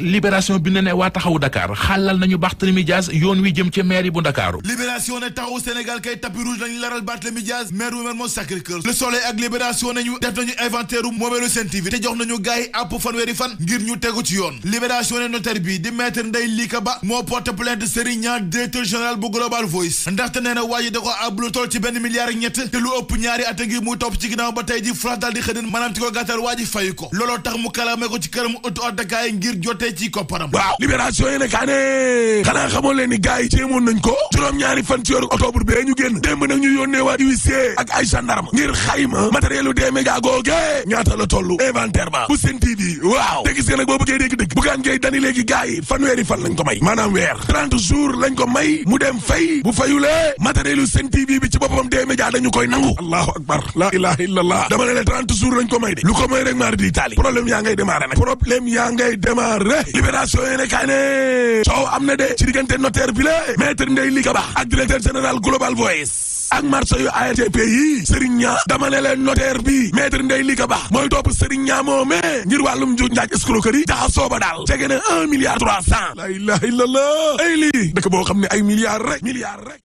libération bi na ne taxawu Sénégal kay tapis rouge lañu laral Barthélémy Dias maire wu Mermoz Sacré-Cœur le soleil ak libération nañu def nañu inventaire moomeelu Sen TV te jox nañu gars àpp fanweeri fan ngir ñu tegu ci yoon libération ne notaire bi di maître Ndeye Lika Ba moo porte plainte Serigne Niang directeur général bu Global Voice ndaxte nee na waaji da ko àbb lu toll ci benn milliard ak ñett te lu ëpp ñaari at ngi muy topp ci ginnaaw ba tey ji France daal di xëdin tey ci kopparam waaw libération yéene kaa xanaa xamoon leen ni gars yi nañ ko juróom-ñaari fan ci yoru octobre bee ñu génn démb nag ñu yónnee waa huissier ak ay gendarme ngir xayma matériel u D-Média googe ñaata la toll inventaire ba bu Sen waaw te gis nga nag boo bëggee dégg bu gaan ngay dani léegi gars yi fanweeri fan lañ ko may maanaam weer 30 jours lañ ko may mu dem fay bu fayulee matériel u Sen bi ci boppam D-Média dañu koy nangu allahu journée libération yéene kaay ne coow am na de ci diggante notaire bi la maître Ndeye Li Kaba ak directeur général Global Voice ak marché yu ARTP yi Serigne Niang dama ne leen notaire bi maître Ndeye Li Kaba mooy topp Serigne Niang moome ngir wàllum ju njaaj escroquerie jaxa sooba daal jege na un milliard trois cent la ilaha illallah ay lii dëkk ne ay milliards rek milliards rek